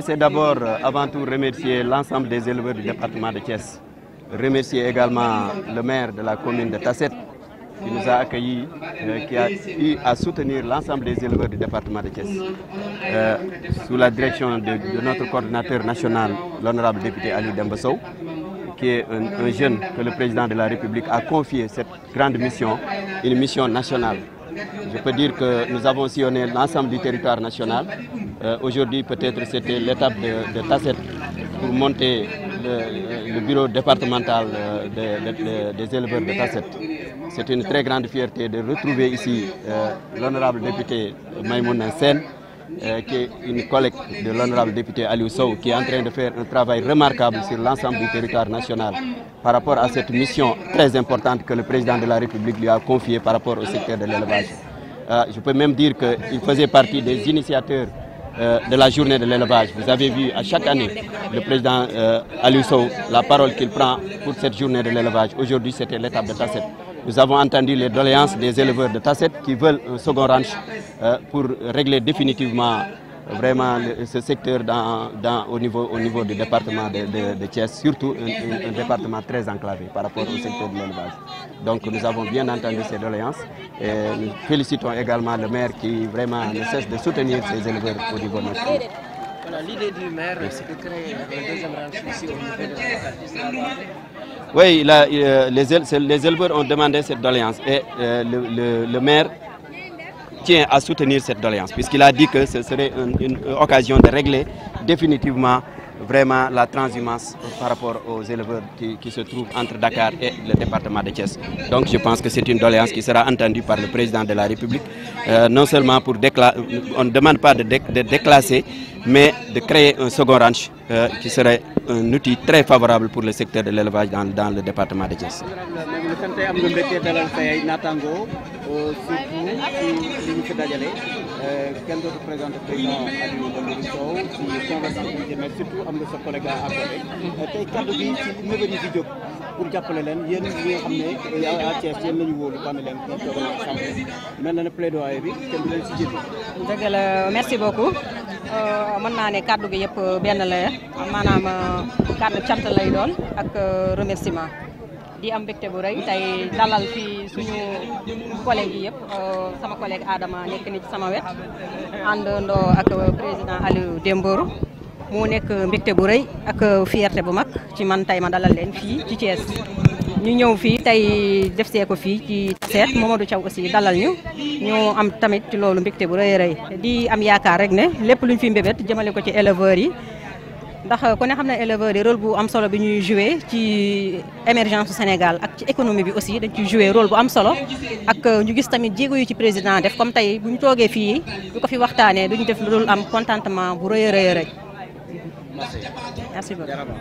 C'est d'abord, avant tout, remercier l'ensemble des éleveurs du département de Thiès. Remercier également le maire de la commune de Tasset qui nous a accueillis, euh, qui a eu à soutenir l'ensemble des éleveurs du département de Thiès. Euh, sous la direction de, notre coordinateur national, l'honorable député Ali Dembassou, qui est un jeune que le président de la République a confié cette grande mission, une mission nationale je peux dire que nous avons sillonné l'ensemble du territoire national. Euh, aujourd'hui, peut-être, c'était l'étape de, Tasset pour monter le, bureau départemental euh, des éleveurs de Tasset. C'est une très grande fierté de retrouver ici euh, l'honorable député Maïmoun Sen. Euh, qui est une collègue de l'honorable député Aliou qui est en train de faire un travail remarquable sur l'ensemble du territoire national par rapport à cette mission très importante que le président de la République lui a confiée par rapport au secteur de l'élevage. Euh, je peux même dire qu'il faisait partie des initiateurs euh, de la journée de l'élevage. Vous avez vu à chaque année le président euh, Aliou la parole qu'il prend pour cette journée de l'élevage. Aujourd'hui, c'était l'étape de Tasset. Nous avons entendu les doléances des éleveurs de Tasset qui veulent un second ranch euh, pour régler définitivement euh, vraiment ce secteur au, niveau, au niveau du département de, de, surtout un, département très enclavé par rapport au secteur de l'élevage. Donc nous avons bien entendu ces doléances et nous félicitons également le maire qui vraiment ne cesse de soutenir ces éleveurs au niveau national. L'idée du maire, c'est de créer un deuxième ranch ici au niveau de la oui, euh, les, les, éleveurs ont demandé cette doléance et euh, le, maire tient à soutenir cette doléance puisqu'il a dit que ce serait une, occasion de régler définitivement vraiment la transhumance par rapport aux éleveurs qui, se trouvent entre Dakar et le département de Thiès. Donc je pense que c'est une doléance qui sera entendue par le président de la République, euh, non seulement pour déclasser, on ne demande pas de déclasser, mais de créer un second ranch euh, qui serait un outil très favorable pour le secteur de l'élevage dans, le département de Thiès. Euh, merci beaucoup. Euh, mën naa ne kàddu gi yëpp euh, benn la maanaam euh, kàddu cant lay doon ak remerciement di am mbégte bu rëy tey dalal fi suñu collègue yi yëpp sama collègue aadama nekk ni ci sama wet àndandoo ak président Aliou Dembourou mu nekk mbégte bu rëy ak fierté bu mag ci man tey ma dalal leen fii ci Thiès. ñu ñëw fii tey def see ko fii ci seet Mamadou Thiaw aussi dalal ñu ñu am tamit ci loolu mbégte bu rëy rëy di am yaakaar rek ne lépp luñ fi mbébét jëmale ko ci éleveur yi ndax ku ne xam ne éleveurs yi rôle bu am solo bi ñuy joué ci émergence Sénégal ak ci économie bi aussi dañ ci joué rôle bu am solo ak euh, ñu gis tamit jéego yu ci président def comme tey bu ñu toogee fii du ko fi waxtaanee duñu def loolu am contentement bu rëy rëy rëy merci beaucoup